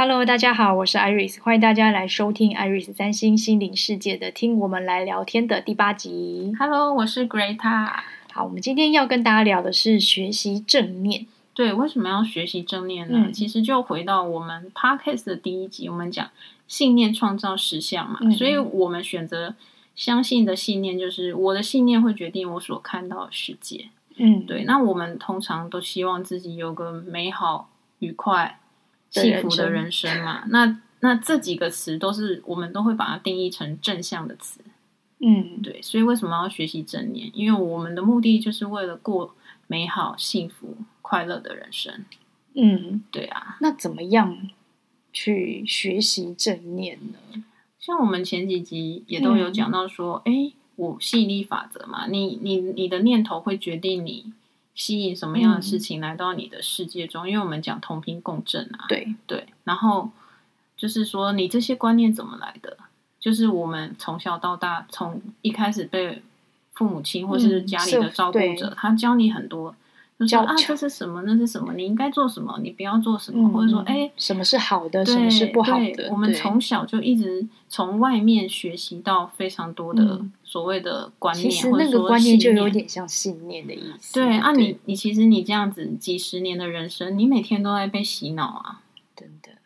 Hello，大家好，我是 Iris，歡迎大家來收聽 Iris 三星心靈世界的聽我們來聊天的第八集。Hello，我是 Greta。Okay. 好，我們今天要跟大家聊的是學習正念。對，為什麼要學習正念呢？嗯、其實就回到我們 Podcast 的第一集，我們講信念創造實相嘛，嗯嗯，所以我們選擇相信的信念就是我的信念會決定我所看到的世界。嗯，對。那我們通常都希望自己有個美好、愉快、幸福的人生嘛，那那這幾個詞都是我們都會把它定義成正向的詞，嗯，對，所以為什麼要學習正念？因為我們的目的就是為了過美好、幸福、快樂的人生，嗯，對啊。那怎麼樣去學習正念呢？像我們前幾集也都有講到說，誒、嗯欸，我吸引力法則嘛，你你你的念頭會決定你。吸引什麼樣的事情來到你的世界中？嗯、因為我們講同頻共振啊，對對。然後就是說，你這些觀念怎麼來的？就是我們從小到大，從一開始被父母親或是家裡的照顧者，嗯、他教你很多。就巧啊，這是什麼？那是什麼？你應該做什麼？你不要做什麼？嗯、或者說，哎、欸，什麼是好的？對什麼是不好的？對我們從小就一直從外面學習到非常多的所謂的觀念，或者說信念。其實那個觀念就有點像信念的意思。對，對啊你，你你其實你這樣子幾十年的人生，你每天都在被洗腦啊。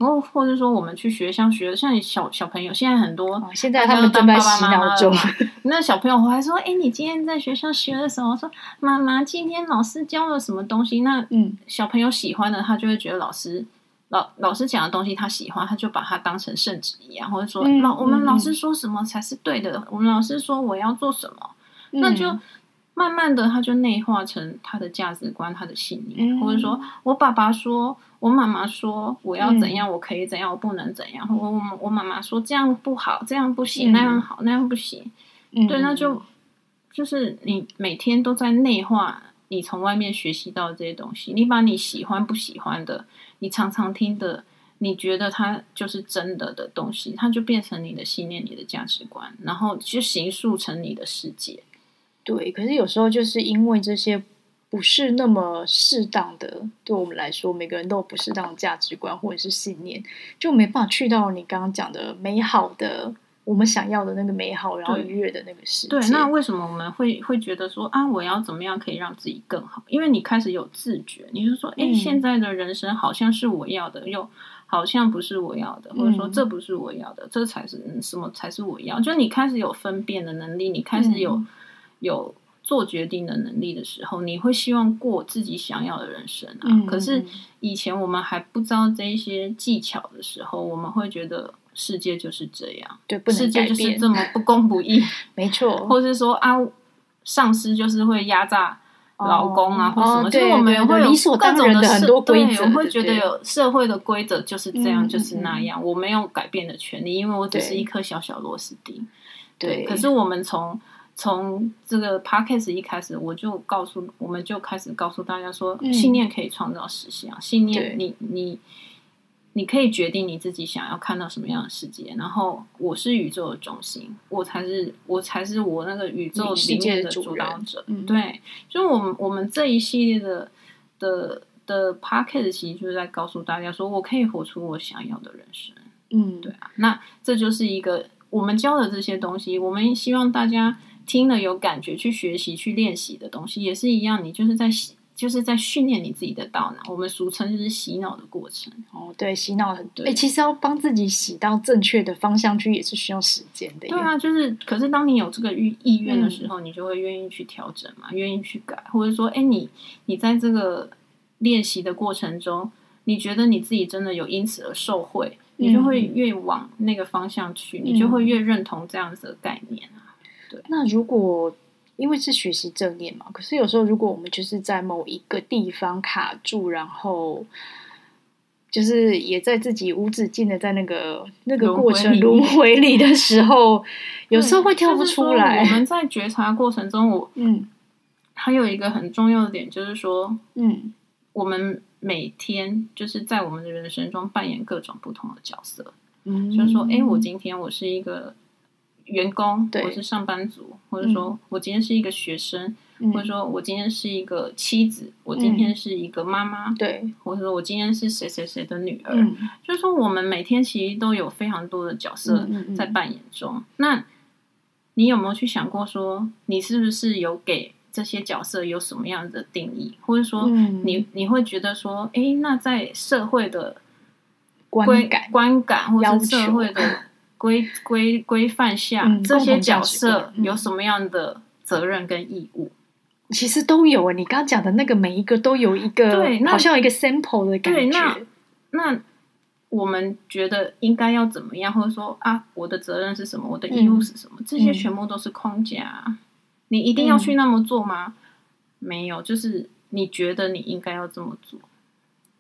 然後，或者說我們去學校學，像你小小朋友，現在很多現在他們都當爸爸媽媽了 那小朋友還說：“哎、欸，你今天在學校學的時候，說媽媽今天老師教了什麼東西？那嗯，小朋友喜歡的，他就會覺得老師老老師講的東西他喜歡，他就把它當成聖旨一樣，或者說、嗯、老我們老師說什麼才是對的，嗯、我們老師說我要做什麼，嗯、那就。”慢慢的，他就內化成他的價值觀、他的信念，嗯、或者說我爸爸說，我媽媽說，我要怎樣，嗯、我可以怎樣，我不能怎樣。或者我我我媽媽說這樣不好，這樣不行，嗯、那樣好，那樣不行。嗯、對，那就就是你每天都在內化，你從外面學習到這些東西，你把你喜歡不喜歡的，你常常聽的，你覺得他就是真的的東西，它就變成你的信念、你的價值觀，然後去形塑成你的世界。對，可是有時候就是因為這些不是那麼適當的，對我們來說，每個人都有不適當的價值觀或者是信念，就沒辦法去到你剛剛講的美好的，我們想要的那個美好，對然後愉悅的那個世界。對，那為什麼我們會會覺得說啊，我要怎麼樣可以讓自己更好？因為你開始有自覺，你是說，誒，嗯、現在的人生好像是我要的，又好像不是我要的，或者說這不是我要的，這才是、嗯、什麼才是我要？就你開始有分辨的能力，你開始有。嗯有做決定的能力的時候，你會希望過自己想要的人生啊。可是以前我們還不知道這些技巧的時候，我們會覺得世界就是這樣，對，世界就是這麼不公不義，沒錯。或是說啊，上司就是會壓榨勞工啊，或什麼。就我們會理所當然的很多規則，我會覺得有社會的規則就是這樣，就是那樣，我沒有改變的權利，因為我只是一顆小小螺絲釘。對，可是我們從。從這個 podcast 一開始，我就告訴，我們就開始告訴大家說，信念可以創造實相、啊，嗯、信念你，對你你你可以決定你自己想要看到什麼樣的世界。然後，我是宇宙的中心，我才是我才是我那個宇宙裡面的主導者。嗯、對，就我們我們這一系列的的的 podcast 其實就是在告訴大家，說我可以活出我想要的人生。嗯，對啊，那這就是一個我們教的這些東西，我們希望大家。聽了有感覺，去學習去練習的東西也是一樣，你就是在洗，就是在訓練你自己的大腦。我們俗稱就是洗腦的過程。哦，對，洗腦很多、欸。其實要幫自己洗到正確的方向去，也是需要時間的。對啊，為就是。可是當你有這個意意願的時候，嗯、你就會願意去調整嘛，願意去改，或者說，哎、欸，你你在這個練習的過程中，你覺得你自己真的有因此而受惠，你就會越往那個方向去，嗯、你就會越認同這樣子的概念、啊。那如果因為是學習正念嘛，可是有時候如果我們就是在某一個地方卡住，然後就是也在自己無止境的在那個那個過程輪迴裡的時候，對有時候會跳不出來。我們在覺察過程中我，我嗯，還有一個很重要的點就是說，嗯，我們每天就是在我們的人生中扮演各種不同的角色，嗯，就是說，哎、欸，我今天我是一個。員工，對我是上班族，或者說我今天是一個學生，嗯、或者說我今天是一個妻子，嗯、我今天是一個媽媽，對，或者說我今天是誰誰誰的女兒，嗯、就是說我們每天其實都有非常多的角色在扮演中。嗯嗯嗯、那你有沒有去想過說，說你是不是有給這些角色有什麼樣的定義，或者說你、嗯、你會覺得說，哎、欸，那在社會的觀感、觀感或者是社會的？規規規範下，嗯、這些角色有什麼樣的責任跟義務？其實都有啊。你剛，剛講的那個，每一個都有一個，啊、對，那好像一個 sample 的感覺那。那我們覺得應該要怎麼樣，或者說啊，我的責任是什麼，我的義務是什麼？嗯、這些全部都是框架。嗯、你一定要去那麼做嗎？嗯、沒有，就是你覺得你應該要這麼做。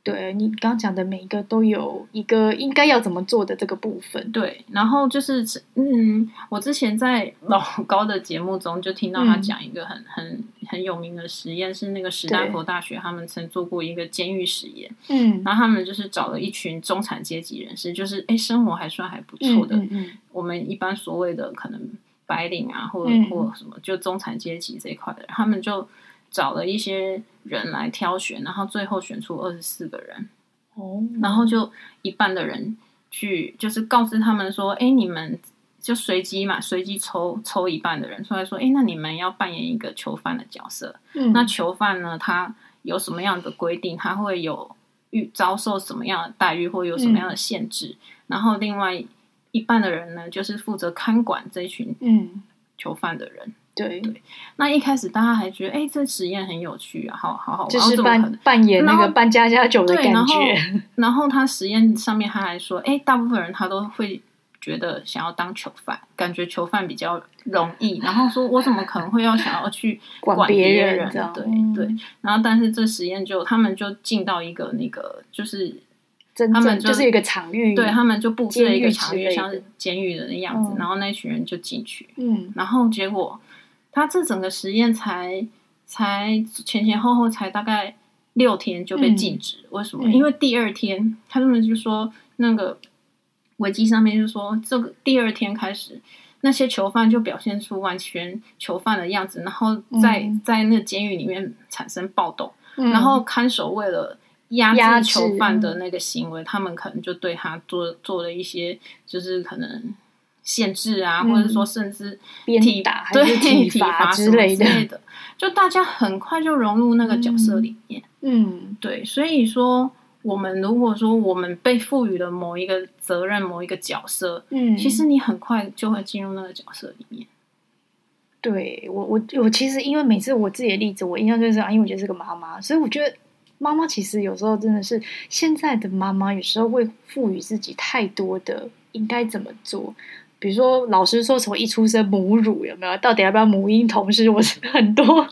對，你剛剛講的每一個都有一個應該要怎麼做的這個部分。對，然後就是嗯，我之前在老高的節目中就聽到他講一個很、嗯、很很有名的實驗，是那個史丹佛大學對他們曾做過一個監獄實驗。嗯，然後他們就是找了一群中產階級人士，就是哎生活還算還不錯的，嗯嗯、我們一般所謂的可能白領啊或、嗯、或什麼，就中產階級這一塊的人，他們就找了一些。人來挑選，然後最後選出二十四個人，哦，oh. 然後就一半的人去，就是告知他們說：“哎、欸，你們就隨機嘛，隨機抽抽一半的人出來說，哎、欸，那你們要扮演一個囚犯的角色。嗯、那囚犯呢，他有什麼樣的規定？他會有遇，遭受什麼樣的待遇，或有什麼樣的限制？嗯、然後另外一半的人呢，就是負責看管這一群嗯囚犯的人。嗯”對對，那一開始大家還覺得，哎，這實驗很有趣啊，好好玩，就是扮扮演那個扮家家酒的感覺。然後他實驗上面他還說，哎，大部分人他都會覺得想要當囚犯，感覺囚犯比較容易。然後說我怎麼可能會要想要去管別人？對對。然後但是這實驗就他們就進到一個那個就是，他們就是一個場域，對他們就布置了一個場域，像是監獄人的樣子。然後那群人就進去，嗯，然後結果。他這整個實驗才才前前後後才大概六天就被禁止，嗯、為什麼？因為第二天，他們就說那個維基上面就說，這個第二天開始，那些囚犯就表現出完全囚犯的樣子，然後在、嗯、在那個監獄裡面產生暴動，嗯、然後看守為了壓制囚犯的那個行為，嗯、他們可能就對他做做了一些，就是可能。限制啊，或者說甚至鞭、嗯、打還是體罰對之類的，之類的，就大家很快就融入那個角色裡面。嗯，嗯對，所以說我們如果說我們被賦予了某一個責任、某一個角色，嗯，其實你很快就會進入那個角色裡面。對我，我我其實因為每次我自己的例子，我印象就是啊，因為我覺得是個媽媽，所以我覺得媽媽其實有時候真的是現在的媽媽有時候會賦予自己太多的應該怎麼做。比如說，老師說從一出生母乳有沒有？到底要不要母嬰同室我是很多，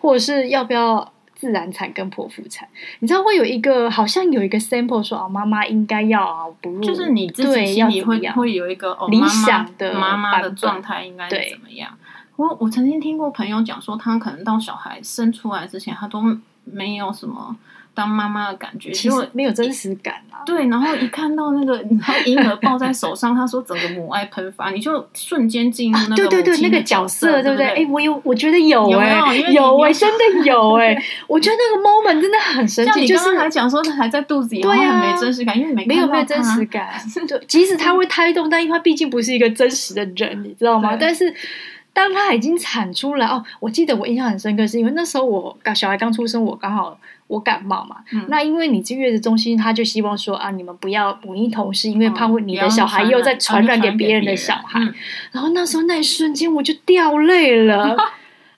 或者是要不要自然產跟剖腹產？你知道會有一個，好像有一個 sample 說啊，哦、媽媽應該要啊，不就是你自己心裡會會有一個、哦、理想的媽媽的狀態應該怎麼樣？對我我曾經聽過朋友講說，他可能到小孩生出來之前，他都沒有什麼。當媽媽的感覺，其實沒有真實感啊。對，然後一看到那個嬰兒抱在手上，他說整個母愛噴發，你就瞬間進入那個。對對對，那個角色對不對？哎，我有，我覺得有哎，有哎，真的有哎。我覺得那個 moment 真的很神奇，就是還講說還在肚子裡面，對啊，沒真實感，因為沒有沒有真實感。即使他會胎動，但因為他畢竟不是一個真實的人，你知道嗎？但是當他已經產出來，哦，我記得我印象很深刻，是因為那時候我小孩剛出生，我剛好。我感冒嘛，嗯、那因為你這月子中心，他就希望說啊，你們不要母嬰同室，因為怕會，你的小孩、嗯、又再傳染給別人的小孩。嗯、然後那時候那一瞬間，我就掉淚了。嗯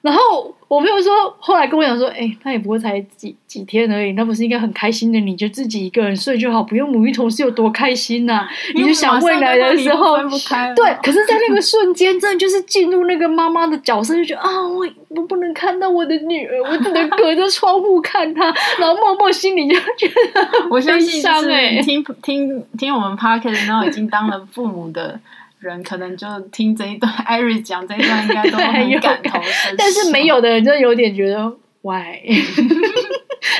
然後我朋友說，後來跟我講說，哎、欸，他也不過才幾幾天而已，那不是應該很開心的？你就自己一個人睡就好，不用母女同事有多開心吶、啊。 你就想未來的時候，不不對，可是，在那個瞬間， 真的就是進入那個媽媽的角色，就覺得啊，我我不能看到我的女兒，我只能隔着窗戶看她， 然後默默心裡就覺得、欸，我相信是，是聽聽聽我們 podcast 然後已經當了父母的。 人可能就聽這一段，艾瑞講這一段，應該都很感同身受。 但是沒有的人就有點覺得，why？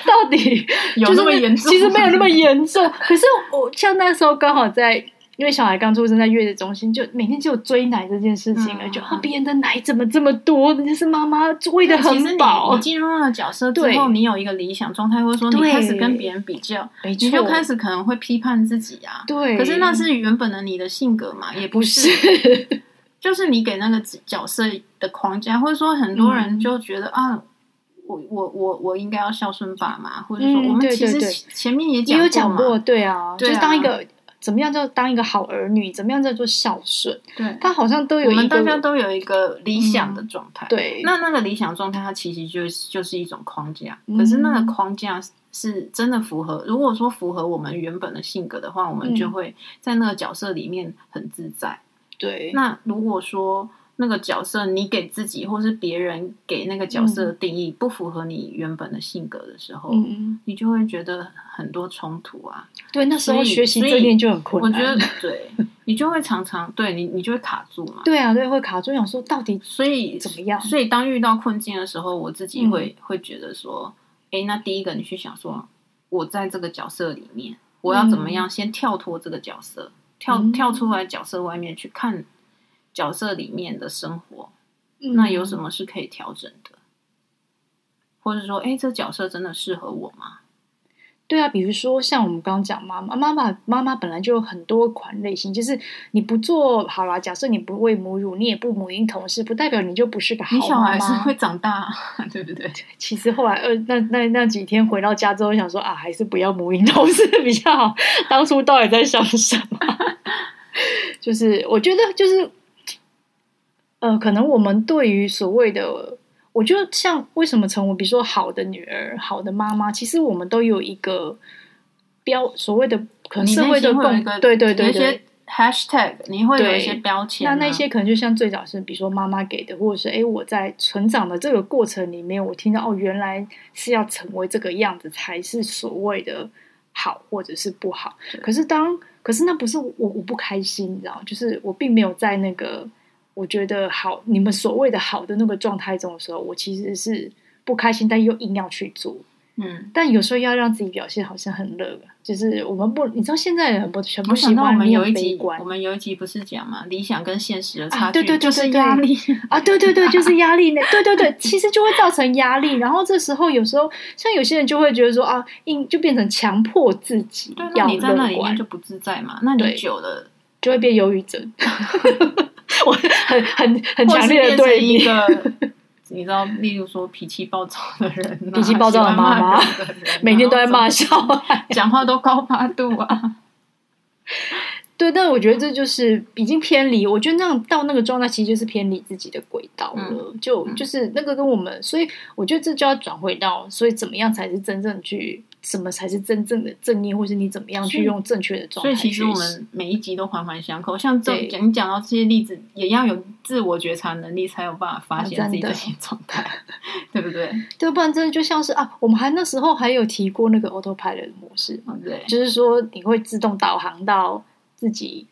到底那有這麼嚴重？其實沒有那麼嚴重。可是我像那時候剛好在。因為小孩剛出生在月子中心，就每天就有追奶這件事情了，就啊，別人的奶怎麼這麼多？人家是媽媽餵的很飽。其實你進入了個角色之後，你有一個理想狀態，或者說你開始跟別人比較，你就開始可能會批判自己啊。對，可是那是原本的你的性格嘛，也不是，就是你給那個角色的框架，或者說很多人就覺得啊，我我我我應該要孝順爸媽，或者說我們其實前面也也有講過，對啊，就當一個。怎麼樣叫當一個好兒女？怎麼樣叫做孝順？對，他好像都有一個有，我們大家都有一個理想的狀態。嗯、對，那那個理想狀態，它其實就是、就是一種框架。可是那個框架是真的符合，如果說符合我們原本的性格的話，我們就會在那個角色裡面很自在。嗯、對，那如果說。那個角色，你給自己或是別人給那個角色的定義不符合你原本的性格的時候，嗯嗯你就會覺得很多衝突啊。對，那時候學習正念就很困難。所以、所以我覺得，對 你就會常常對你，你就會卡住嘛。對啊，對，會卡住，想說到底，所以怎麼樣？所以當遇到困境的時候，我自己會、嗯、會覺得說，哎、欸，那第一個你去想說，嗯、我在這個角色裡面，我要怎麼樣先跳脫這個角色，跳、嗯、跳出來角色外面去看。角色裡面的生活，那有什麼是可以調整的？嗯、或者說，哎、欸，這角色真的適合我嗎？對啊，比如說像我們剛剛講媽媽，媽媽媽媽本來就有很多款類型，就是你不做好啦，假設你不餵母乳，你也不母嬰同事，不代表你就不是個好媽媽，小孩，還是會長大， 對不對？其實後來呃，那那那幾天回到家之後，想說啊，還是不要母嬰同事比較好。當初到底在想什麼？ 就是我覺得，就是。呃，可能我們對於所謂的，我覺得像為什麼成為比如說好的女兒、好的媽媽，其實我們都有一個標所謂的可能社會的共那會有對對對，對那些 hashtag 你會有一些標籤對，那那些可能就像最早是比如說媽媽給的，或者是哎我在成長的這個過程裡面，我聽到哦原來是要成為這個樣子才是所謂的好或者是不好，是可是當可是那不是我我不開心，你知道，就是我並沒有在那個。嗯我覺得好，你們所謂的好的那個狀態中的時候，我其實是不開心，但又硬要去做。嗯，但有時候要讓自己表現好像很樂，就是我們不，你知道現在很不，不喜歡我們有一集，我們有一集不是講嘛，理想跟現實的差距，啊，對對，對，對，就是壓力啊，對對對，就是壓力。那 對對對，其實就會造成壓力。 然後這時候有時候，像有些人就會覺得說啊，硬就變成強迫自己要樂觀，對，那你在那裡邊就不自在嘛。那你久了就會變憂鬱症。 我 很很很強烈的對是是一的， 你知道，例如說脾氣暴躁的人，啊，脾氣暴躁的媽媽，人人 每天都在罵小孩，講 話都高八度啊。 對，但我覺得這就是已經偏離。我覺得那種到那個狀態，其實就是偏離自己的軌道了。嗯，就就是那個跟我們，所以我覺得這就要轉回到，所以怎麼樣才是真正去。什麼才是真正的正念，或是你怎麼樣去用正確的狀態？所以其實我們每一集都環環相扣，像這講你講到這些例子，對也要有自我覺察能力，才有辦法發現自己、啊、的一些狀態， 對不對？對，不然真的就像是啊，我們還那時候還有提過那個 autopilot 模式，嗯、對，就是說你會自動導航到自己。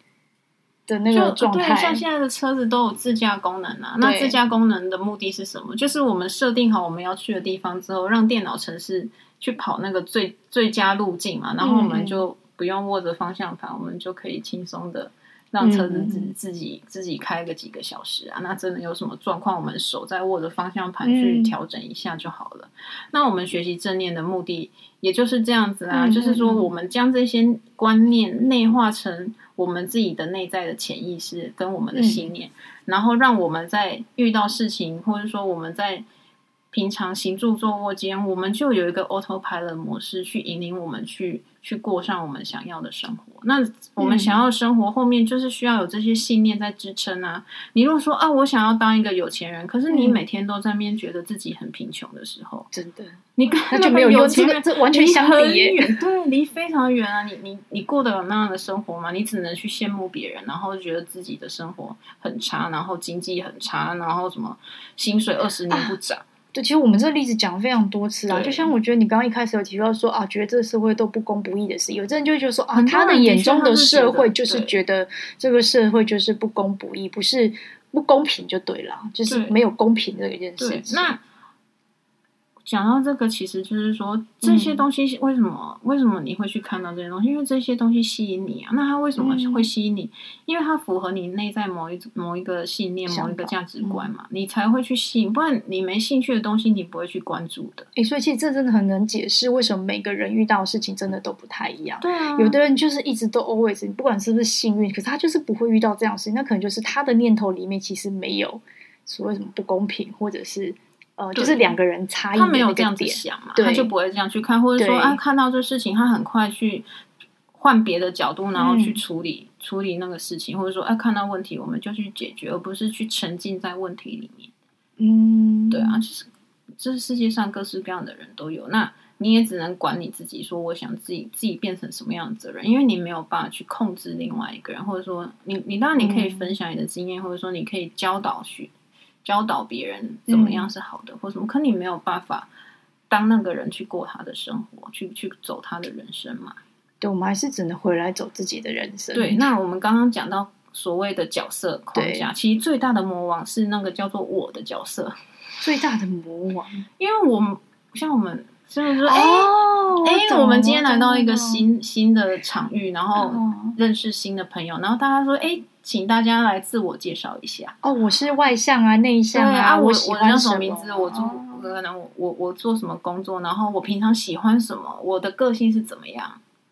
那就、對、像現在的車子都有自駕功能啊。對那自駕功能的目的是什麼？就是我們設定好我們要去的地方之後，讓電腦程式去跑那個最最佳路徑嘛。然後我們就不用握着方向盤，嗯、我們就可以輕鬆的讓車子自、嗯、自己自己開個幾個小時啊。那真的有什麼狀況，我們手再握着方向盤去調整一下就好了。嗯、那我們學習正念的目的也就是這樣子啊，嗯、就是說我們將這些觀念內化成。我們自己的內在的潛意識跟我們的信念，嗯、然後讓我們在遇到事情，或者說我們在。平常行住坐臥間，我們就有一個 autopilot 模式去引領我們去去過上我們想要的生活。那我們想要的生活，嗯、後面就是需要有這些信念在支撐啊。你如果說啊，我想要當一個有錢人，可是你每天都在那邊覺得自己很貧窮的時候，嗯、跟真的，你根跟本就沒有有錢人，這完全相離遠，對、啊， 離非常遠啊。你你你過得有那樣的生活嗎？你只能去羨慕別人，然後覺得自己的生活很差，然後經濟很差，然後什麼薪水二十年不漲。啊就其實我們這個例子講了非常多次啊，對就像我覺得你剛剛一開始有提到說啊，覺得這個社會都不公不義的事，有的人就會覺得說啊，嗯、他的眼中的社會就是，就是覺得這個社會就是不公不義，不是不公平就對了，對就是沒有公平這一件事情。講到這個，其實就是說這些東西為什麼、嗯、為什麼你會去看到這些東西？因為這些東西吸引你啊。那它為什麼會吸引你？嗯、因為它符合你內在某一某一個信念、當某一個價值觀嘛，你才會去吸引。不然你沒興趣的東西，你不會去關注的。誒、欸，所以其實這真的很能解釋為什麼每個人遇到的事情真的都不太一樣。對、啊，有的人就是一直都 always 不管是不是幸運，可是他就是不會遇到這樣的事情。那可能就是他的念頭裡面其實沒有所謂什麼不公平，或者是。呃，就是兩個人差異的，他沒有這樣子想嘛，對他就不會這樣去看，或者說對啊，看到這事情，他很快去換別的角度，然後去處理、嗯、處理那個事情，或者說啊，看到問題，我們就去解決，而不是去沉浸在問題裡面。嗯，對啊，其實這世界上各式各樣的人都有，那你也只能管你自己，說我想自己自己變成什麼樣的人，因為你沒有辦法去控制另外一個人，或者說你你當然你可以分享你的經驗，嗯、或者說你可以教導去。教導別人怎麼樣是好的，嗯、或什麼，可你沒有辦法當那個人去過他的生活，去去走他的人生嘛。對，我們還是只能回來走自己的人生。對，對那我們剛剛講到所謂的角色框架，對其實最大的魔王是那個叫做“我的角色”。最大的魔王，因為我們像我們所以說哦。欸哎，欸、我懂，我們今天來到一個新新的場域，然後認識新的朋友，嗯、然後大家說，哎、欸，請大家來自我介紹一下。哦，我是外向啊，內向啊，啊我我，我叫什麼名字，我做我可能我我做我，我做什麼工作，然後我平常喜歡什麼，我的個性是怎麼樣。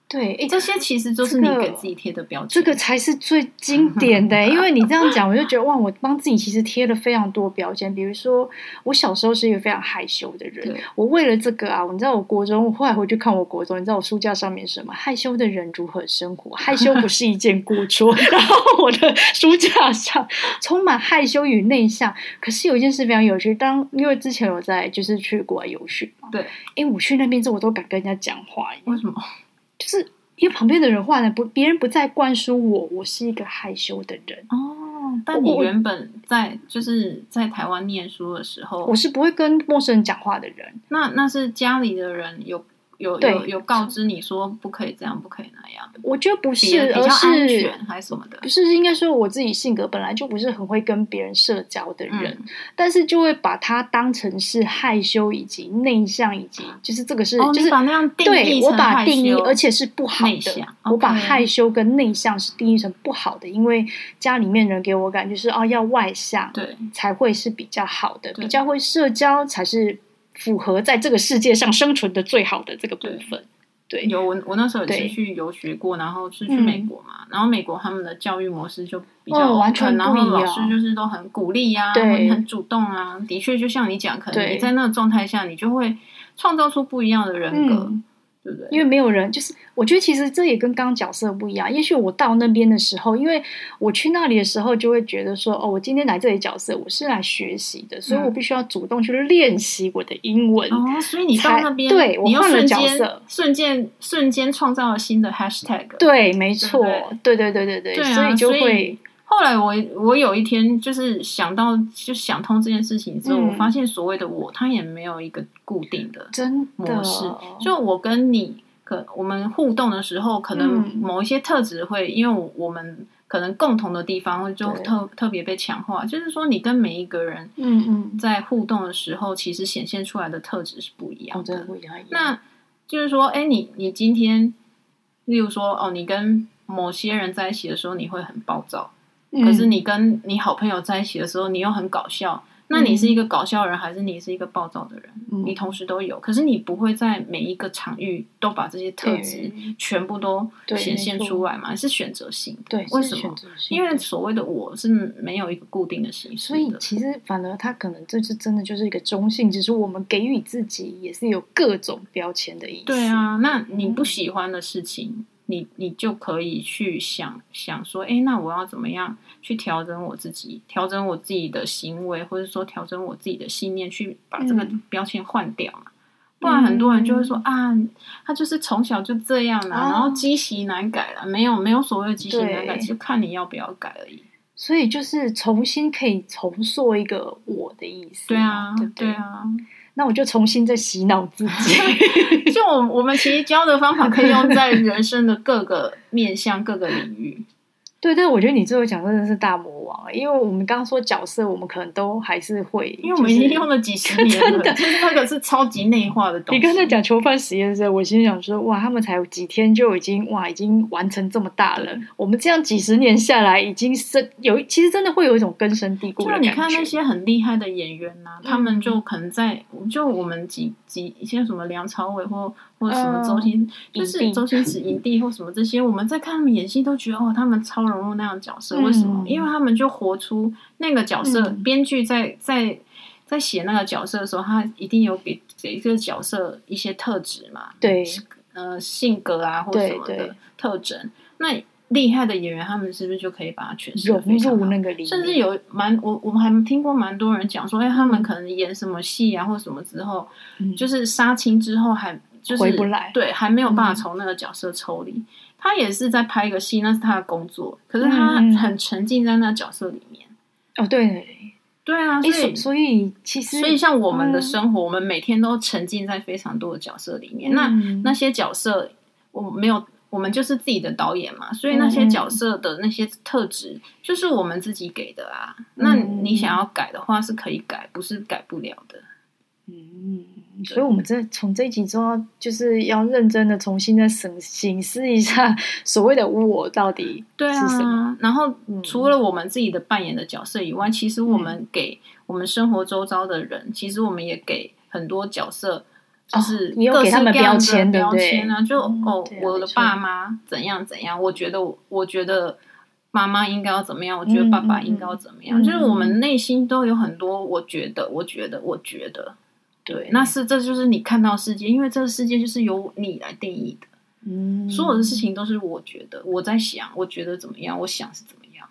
對，哎、欸，這些其實都是你給自己貼的標籤、這個，這個才是最經典的、欸。 因為你這樣講，我就覺得哇，我幫自己其實貼了非常多標籤。比如說，我小時候是一個非常害羞的人，對我為了這個啊，你知道，我國中，我後來回去看我國中，你知道，我書架上面是什麼？害羞的人如何生活？害羞不是一件過錯。 然後我的書架上充滿害羞與內向。可是有一件事非常有趣，當因為之前我在就是去國外遊學嘛，對，哎、欸，我去那邊之後我都敢跟人家講話，為什麼？就是因為旁邊的人換了，不，別人不再灌輸我，我是一個害羞的人。哦，但你原本在我就是在台灣唸書的時候，我是不會跟陌生人講話的人。那那是家裡的人有。有有有告知你說不可以這樣，不可以那樣的。我覺得不是，而是比較安全還什麼的？不是，應該說我自己性格本來就不是很會跟別人社交的人，嗯、但是就會把它當成是害羞以及內向，以及、嗯、就是這個是、哦、就是把那樣定義，對，我把定義，而且是不好的。Okay. 我把害羞跟內向是定義成不好的，因為家裡面人給我感覺是哦，要外向對才會是比較好的，對比較會社交才是符合在這個世界上生存的最好的這個部分，對。對有我我那時候是去遊學過，對然後是去美國嘛，嗯、然後美國他們的教育模式就比較、哦、完全，然後老師就是都很鼓勵呀、啊，對很主動啊。的確，就像你講，可能你在那個狀態下，你就會創造出不一樣的人格。嗯對不對？因為沒有人，就是我覺得其實這也跟剛，剛角色不一樣。也許我到那邊的時候，因為我去那裡的時候就會覺得說，哦，我今天來這裡角色，我是來學習的，所以我必須要主動去練習我的英文。嗯，哦，所以你到那邊，對我換了角色，瞬間瞬間，瞬間創造了新的 hashtag。對，沒錯，對對，對對對對對，對啊，所以就會。後來我我有一天就是想到就想通這件事情之後，嗯、我發現所謂的我，他也沒有一個固定的模式。的就我跟你可我們互動的時候，可能某一些特質會，嗯、因為我我們可能共同的地方就特對特別被強化。就是說，你跟每一個人，嗯嗯，在互動的時候，其實顯現出來的特質是不一樣的，真的不一樣，那就是說，哎、欸，你你今天，例如說，哦，你跟某些人在一起的時候，你會很暴躁。可是你跟你好朋友在一起的時候，你又很搞笑，嗯、那你是一個搞笑人，還是你是一個暴躁的人？嗯、你同時都有，可是你不會在每一個場域都把這些特質全部都顯現出來嘛？對是選擇性的，對，為什麼？選擇性，因為所謂的我是沒有一個固定的型。所以其實反而他可能這是真的就是一個中性，只是我們給予自己也是有各種標籤的意思。對啊，那你不喜歡的事情。嗯你你就可以去想想說，哎、欸，那我要怎麼樣去調整我自己，調整我自己的行為，或者說調整我自己的信念，去把這個標籤換掉嘛？嗯、不然很多人就會說、嗯、啊，他就是從小就這樣啦、啊，哦、然後積習難改了、啊。沒有沒有所謂的積習難改，就對看你要不要改而已。所以就是重新可以重塑一個我的意思，對啊，對,對,對啊。那我就重新再洗腦自己， 就我我們其實教的方法可以用在人生的各個面向、各個領域。 對，但是我覺得你最後講真的是大魔。哇，因為我們剛剛說角色，我們可能都還是會、就是，因為我們已經用了幾十年了，真的，那個是超級內化的東西。你剛才講囚犯實驗室，我心想說，哇，他們才幾天就已經哇，已經完成這麼大了。我們這樣幾十年下來，已經是有其實真的會有一種根深蒂固，就是你看那些很厲害的演員吶、啊，嗯、他們就可能在就我們幾幾一些什麼梁朝偉或或什麼周星，呃、就是周星馳影帝或什麼這些，我們在看他們演戲都覺得哦，他們超融入那樣的角色，嗯、為什麼？因為他們。就活出那個角色，編劇在在在寫那個角色的時候，他一定有給給一個角色一些特質嘛，對，呃，性格啊，或什麼的特徵。那厲害的演員，他們是不是就可以把它詮釋得非常好，融入那個裡面。甚至有蠻我我還聽過蠻多人講說，哎、欸，他們可能演什麼戲啊，或什麼之後，嗯、就是殺青之後還就是回不來，對，還沒有辦法從那個角色抽離。嗯他也是在拍一個戲，那是他的工作。可是他很沉浸在那角色裡面。嗯、哦，對，對啊，欸、所以所以其實，所以像我們的生活，嗯、我們每天都沉浸在非常多的角色裡面。嗯、那那些角色，我沒有，我們就是自己的導演嘛。所以那些角色的那些特質，就是我們自己給的啊。嗯、那你想要改的話，是可以改，不是改不了的。嗯。所以，我們在從對這一集之後，就是要認真的重新再審，審視一下，所謂的“我”到底是什麼。啊，對啊。然後，除了我們自己的扮演的角色以外，嗯、其實我們給我們生活周遭的人，嗯、其實我們也給很多角色，就是各各、啊哦、你有給他們標籤，標籤就、嗯、啊，就哦，我的爸媽怎樣怎樣，我覺得我我覺得媽媽應該要怎麼樣，我覺得爸爸應該要怎麼樣，嗯嗯、就是我們內心都有很多“我覺得”，“我覺得”，“我覺得”。對，那是，這就是你看到世界，因為這個世界就是由你來定義的。嗯、所有的事情都是我覺得我在想，我覺得怎麼樣，我想是怎麼樣。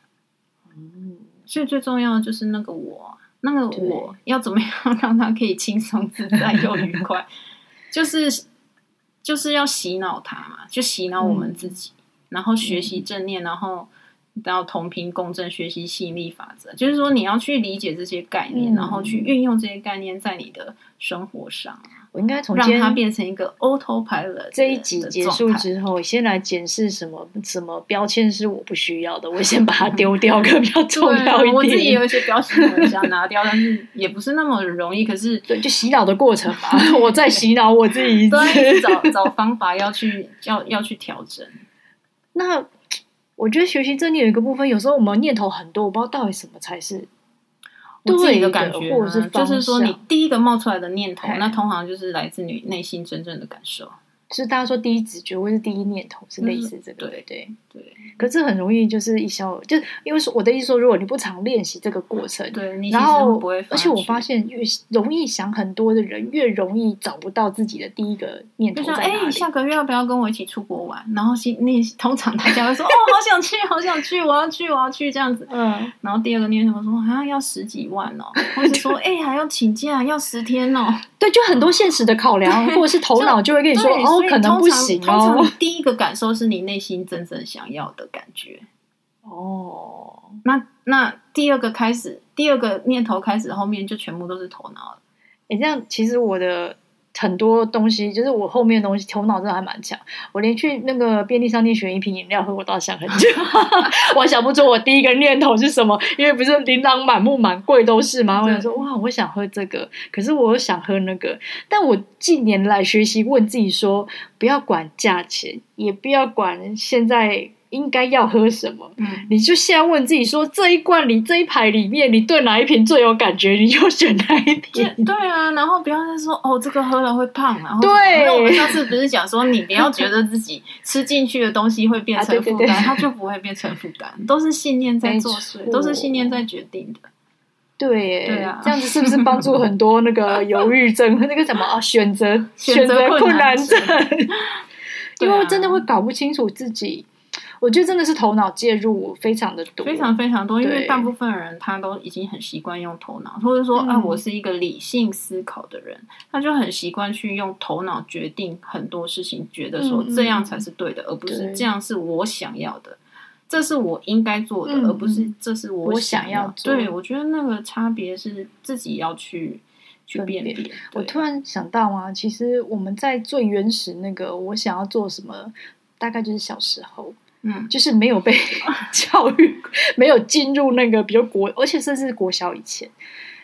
嗯、所以最重要的就是那個我，那個我對要怎麼樣讓他可以輕鬆自在又愉快， 就是就是要洗腦他嘛，就洗腦我們自己，嗯、然後學習正念，然後。然後同頻共振，學習吸引力法則，就是說你要去理解這些概念，嗯、然後去運用這些概念在你的生活上。我應該從讓它變成一個 autopilot。這一集結束之後，先來檢視什麼什麼標籤是我不需要的，我先把它丟掉，可比較重要一點。 我自己有一些標籤，我想拿掉， 但是也不是那麼容易。可是對，就洗腦的過程吧， 對我在洗腦我自己，對，找找方法要去要要去調整。那。我覺得學習正念這裡有一個部分，有時候我們念頭很多，我不知道到底什麼才是對一的感覺，或者是就是說你第一個冒出來的念頭，Okay. 那通常就是來自你內心真正的感受，就是大家說第一直覺或是第一念頭，是類似這個，就是、對，對對。對，可是很容易就是一小，就是因為我的意思說，如果你不常練習這個過程，對，你其實不會。而且我發現越容易想很多的人，越容易找不到自己的第一個念頭。就說哎，下個月要不要跟我一起出國玩？然後心念通常大家會說哦，好想去，好想去，我要去，我要去這樣子。嗯，然後第二個念頭說好像要十幾萬哦，或者說哎，還要請假要十天哦。對，就很多現實的考量，或者是頭腦就會跟你說哦，可能不行哦。通常第一個感受是你內心真正想。想要的感覺哦，oh。那那第二個開始，第二個念頭開始，後面就全部都是頭腦了。誒、欸，這樣其實我的。很多東西就是我後面的東西，頭腦真的還蠻強。我連去那個便利商店選一瓶飲料喝，我倒想很久， 我想不出我第一個念頭是什麼，因為不是琳琅滿目、滿櫃都是嘛。我想對說，哇，我想喝這個，可是我想喝那個。但我近年來學習問自己說，不要管價錢，也不要管現在。應該要喝什麼？嗯，你就先問自己說：這一罐裡，這一排裡面，你對哪一瓶最有感覺？你就選哪一瓶。對啊，然後不要再說哦，這個喝了會胖。然後，對。因為我們上次不是講說，你不要覺得自己吃進去的東西會變成負擔，它就不會變成負擔，都是信念在作祟，都是信念在決定的。對，對啊，這樣子是不是幫助很多那個猶豫症？那個什麼啊，選擇選擇困難症，因為我真的會搞不清楚自己。我覺得真的是頭腦介入非常的多，非常非常多，對因為大部分人他都已經很習慣用頭腦，或者說、嗯、啊，我是一個理性思考的人，他就很習慣去用頭腦決定很多事情，覺得說這樣才是對的，嗯嗯，而不是這樣是我想要的，對這是我應該做的，嗯嗯，而不是這是我想要的。我想要做。對，我覺得那個差別是自己要去去辨別。別對我突然想到啊，其實我們在最原始那個我想要做什麼，大概就是小時候。嗯，就是沒有被教育，沒有進入那個比較國，而且甚至是國小以前，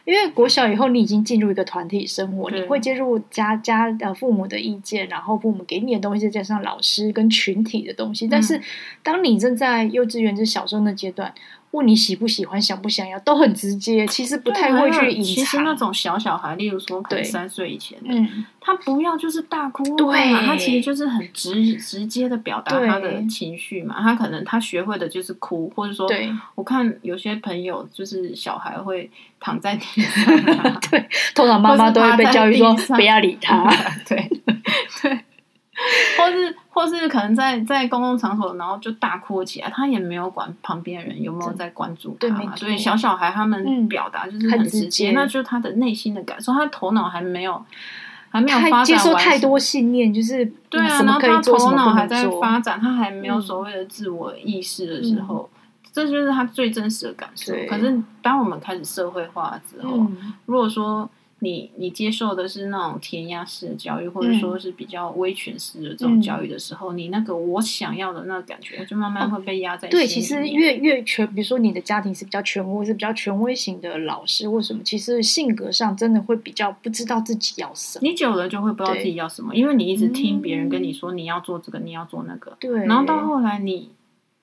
因為國小以後你已經進入一個團體生活，你會接入家家的父母的意見，然後父母給你的東西，再加上老師跟群體的東西。但是當你正在幼稚園就小時候那階段，問你喜不喜歡，想不想要，都很直接。其實不太會去隱藏。啊、其實那種小小孩，例如說可能三歲以前的，嗯對，他不要就是大哭，對，他其實就是很直直接的表達他的情緒嘛。對他可能他學會的就是哭，或者說，對我看有些朋友就是小孩會躺在地上、啊， 對，通常媽媽都會被教育說不要理他，對， 對。或是 或是，或是可能在在公共場所，然後就大哭起來，他也沒有管旁邊人有沒有在關注他、啊，所以、嗯、小小孩他們表達就是很直接，嗯、直接那就是他的內心的感受，他頭腦還沒有還沒有發展完，他接受太多信念，就是對啊，然後他頭腦還在發展，他還沒有所謂的自我意識的時候，嗯、這就是他最真實的感受。對可是當我們開始社會化之後，嗯、如果說。你你接受的是那種填鴨式的教育，或者說是比較威權式的這種教育的時候，嗯、你那個我想要的那個感覺，就慢慢會被壓在、哦。對，其實越越權，比如說你的家庭是比較權威，是比較權威型的老師或什麼，其實性格上真的會比較不知道自己要什麼。你久了就會不知道自己要什麼，對因為你一直聽別人跟你說你要做這個，你要做那個，對，然後到後來你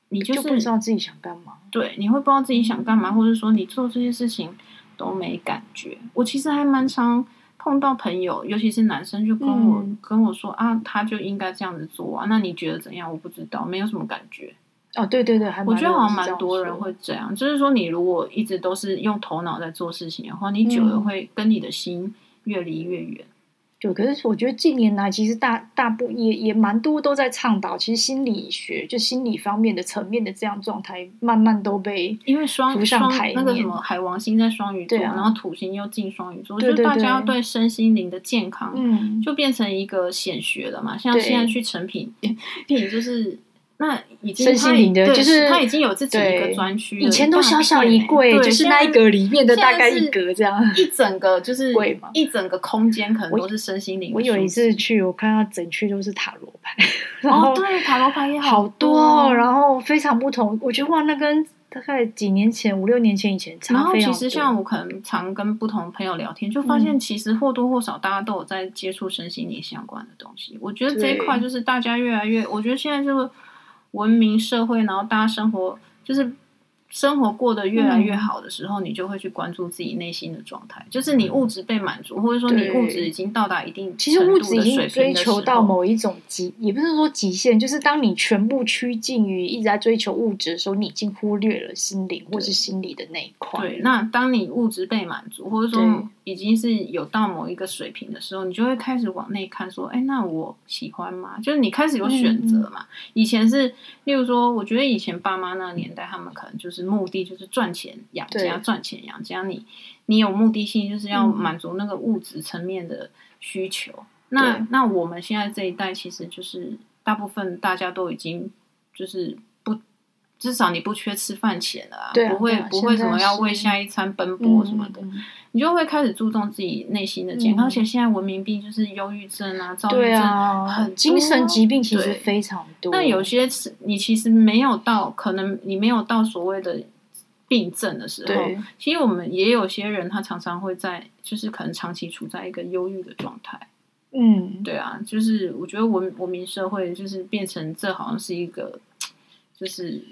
你、就是、就不知道自己想幹嘛。對，你會不知道自己想幹嘛，或者說你做這些事情。都沒感覺，我其實還蠻常碰到朋友，尤其是男生，就跟我、嗯、跟我說啊，他就應該這樣子做啊。那你覺得怎樣？我不知道，沒有什麼感覺。哦，對對對，還蠻我覺得好像蠻多人會這樣，就是說你如果一直都是用頭腦在做事情的話，你久了會跟你的心越離越遠。嗯可是我覺得近年來、啊，其實大大部也也蠻多都在倡導，其實心理學就心理方面的層面的這樣狀態，慢慢都被上檯面，因為雙雙那個什麼海王星在雙魚座，對啊、然後土星又進雙魚座，對對對就大家要對身心靈的健康，嗯、就變成一個顯學了嘛。像現在去誠品也對 就是。那已經身心靈的,就是他已經有自己的一個專區了。以前都小小一櫃，就是那一格裡面的大概一格這樣。一整個就是櫃嘛，一整個空間可能都是身心靈。我有一次去，我看到整區都是塔羅牌。哦，對，塔羅牌也好多，然後非常不同。我覺得哇，那跟大概幾年前、五六年前以前差，然後其實像我可能常跟不同朋友聊天，就發現其實或多或少大家都有在接觸身心靈相關的東西。我覺得這一塊就是大家越來越，我覺得現在就是。文明社會，然後大家生活就是。生活過得越來越好的時候，嗯、你就會去關注自己內心的狀態。就是你物質被滿足，嗯、或者說你物質已經到達一定程度的水平的時候，其實物質已經追求到某一種極，也不是說極限，就是當你全部趨近於一直在追求物質的時候，你已經忽略了心靈或是心理的那一塊。對，那當你物質被滿足，或者說已經是有到某一個水平的時候，你就會開始往內看，說：“哎、欸，那我喜歡嗎？”就是你開始有選擇嘛。嗯、以前是，例如說，我覺得以前爸媽那個年代，嗯、他們可能就是。目的就是賺錢養家，賺對錢養家。你你有目的性，就是要滿足那個物質層面的需求。嗯、那對那我們現在這一代，其實就是大部分大家都已經就是。至少你不缺吃飯錢了啊，啊不會、嗯、不會什麼要為下一餐奔波什麼的，嗯、你就會開始注重自己內心的健康。嗯、而且現在文明病就是憂鬱症啊、躁鬱症很、啊，很、啊、精神疾病其實非常多。但有些是你其實沒有到，可能你沒有到所謂的病症的時候，對其實我們也有些人他常常會在，就是可能長期處在一個憂鬱的狀態。嗯，對啊，就是我覺得文文明社會就是變成這好像是一個。就是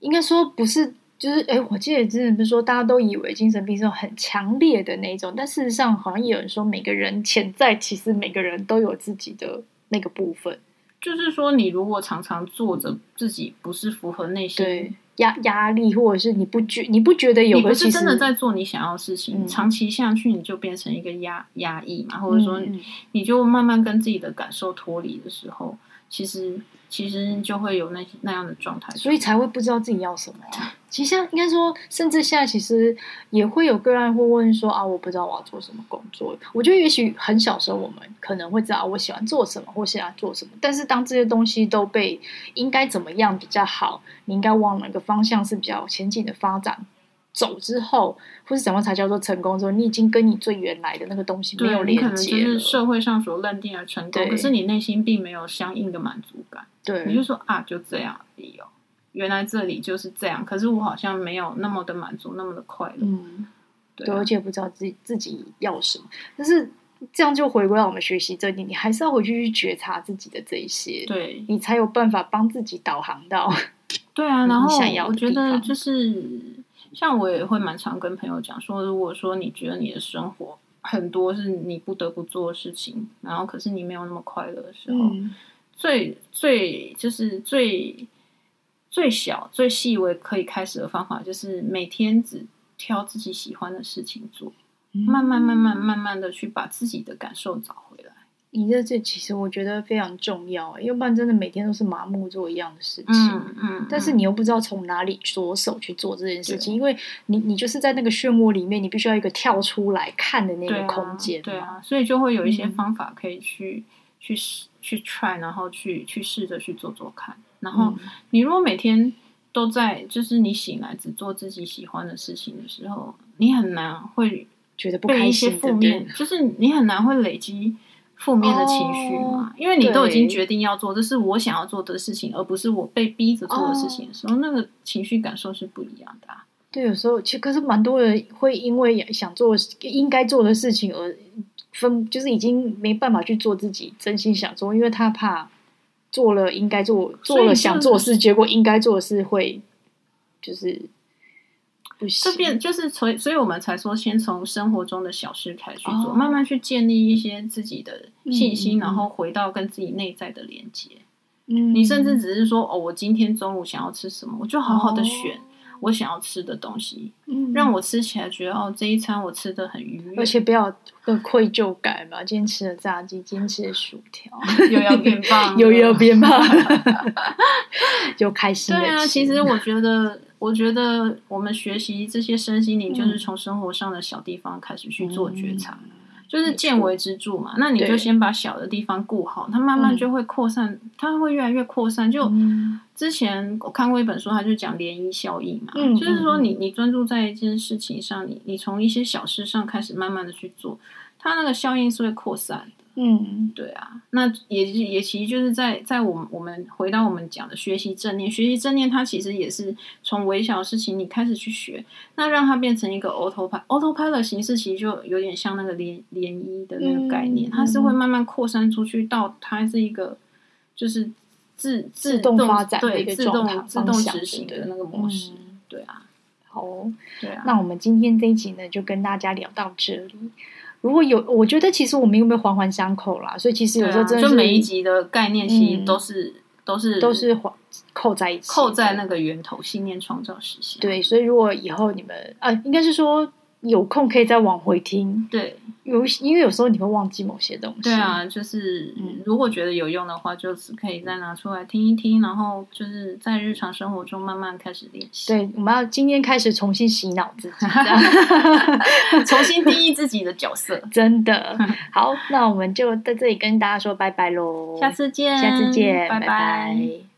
應該說不是，就是哎、欸，我記得之前不是說大家都以為精神病是很強烈的那一種，但事實上好像也有人說每個人潛在其實每個人都有自己的那個部分。就是說，你如果常常做着自己不是符合內心壓壓、嗯、力，或者是你不覺你不覺得有個，你，不是真的在做你想要的事情，嗯、長期下去你就變成一個壓壓抑嘛，或者說你就慢慢跟自己的感受脫離的時候。其實，其實就會有那那樣的狀態，所以才會不知道自己要什麼啊。其實像應該說，甚至現在其實也會有個案會問說：“啊，我不知道我要做什麼工作。”我覺得也許很小時候，我們可能會知道我喜歡做什麼或想要做什麼。但是，當這些東西都被應該怎麼樣比較好，你應該往哪個方向是比較前進的發展。走之後，或是怎麼才叫做成功之後，你已經跟你最原來的那個東西沒有連接，你可能就是社會上所認定的成功，對可是你內心並沒有相應的滿足感。對，你就說啊，就這樣而已，哦，原來這裡就是這樣，可是我好像沒有那麼的滿足，那麼的快樂。嗯，對，啊、對，而且不知道自己自己要什麼，但是這樣就回歸到我們學習這裡，你還是要回去去覺察自己的這一些，對，你才有辦法幫自己導航到。對啊，然後我覺得就是。 像我也會蠻常跟朋友講說，如果說你覺得你的生活很多是你不得不做的事情，然後可是你沒有那麼快樂的時候，嗯、最最就是最最小最細微可以開始的方法，就是每天只挑自己喜歡的事情做，嗯、慢慢慢慢慢慢的去把自己的感受找回來。你這這其實我覺得非常重要、欸，哎，要不然真的每天都是麻木做一樣的事情。嗯，嗯，嗯。但是你又不知道從哪裡着手去做這件事情，對因為你你就是在那個漩渦裡面，你必須要一個跳出來看的那個空間、啊。對啊，所以就會有一些方法可以去、嗯、去去 try，然後去去試着去做做看。然後你如果每天都在就是你醒來只做自己喜歡的事情的時候，你很難會覺得不開心的。對就是你很難會累積負面的情緒嘛，oh，因為你都已經決定要做，這是我想要做的事情，對而不是我被逼着做的事情的時候，oh。那個情緒感受是不一樣的，啊。對，有時候其實可是蠻多人會因為想做應該做的事情而分，就是已經沒辦法去做自己真心想做，因為他怕做了應該做，以做了想做的事，結果應該做的事會就是。就變就是所以，所以我們才說先從生活中的小事開始做，哦、慢慢去建立一些自己的信心，嗯、然後回到跟自己內在的連接。嗯，你甚至只是說哦，我今天中午想要吃什麼，我就好好的選我想要吃的東西，嗯、哦，讓我吃起來覺得哦，這一餐我吃得很愉悅，而且不要有愧疚感嘛。今天吃了炸雞，今天吃了薯條， 又要變胖，又要變胖， 就開心。對啊，其實我覺得。我覺得我們學習這些身心靈就是從生活上的小地方開始去做覺察，嗯、就是見微知著嘛。錯那你就先把小的地方顧好，對它慢慢就會擴散，嗯、它會越來越擴散。就之前我看過一本書，它就講漣漪效應嘛，嗯、就是說你你專注在一件事情上，你你從一些小事上開始慢慢的去做，它那個效應是會擴散。嗯，對啊，那也也其實就是在在我們我們回到我們講的學習正念，學習正念，它其實也是從微小的事情你開始去學，那讓它變成一個 autopilot，autopilot 的形式，其實就有點像那個漣漣漪的那個概念，嗯、它是會慢慢擴散出去，到它是一個就是自自動，自動發展的一個狀態，自動執行的那個模式。嗯、對啊，好，對啊，那我們今天這一集呢，就跟大家聊到這裡。如果有，我覺得其實我們有沒有環環相扣啦？所以其實有時候真的是、啊、就每一集的概念其實都是都是都是環扣在一起，扣在那個源頭，信念創造實相。對，所以如果以後你們啊，應該是說。有空可以再往回聽，對，有，因為有時候你會忘記某些東西，對啊，就是、嗯、如果覺得有用的話，就是可以再拿出來聽一聽，然後就是在日常生活中慢慢開始練習。對，我們要今天開始重新洗腦自己， 重新定義自己的角色， 真的好。那我們就在這裡跟大家說拜拜嘍，下次見，下次見，拜拜。拜拜。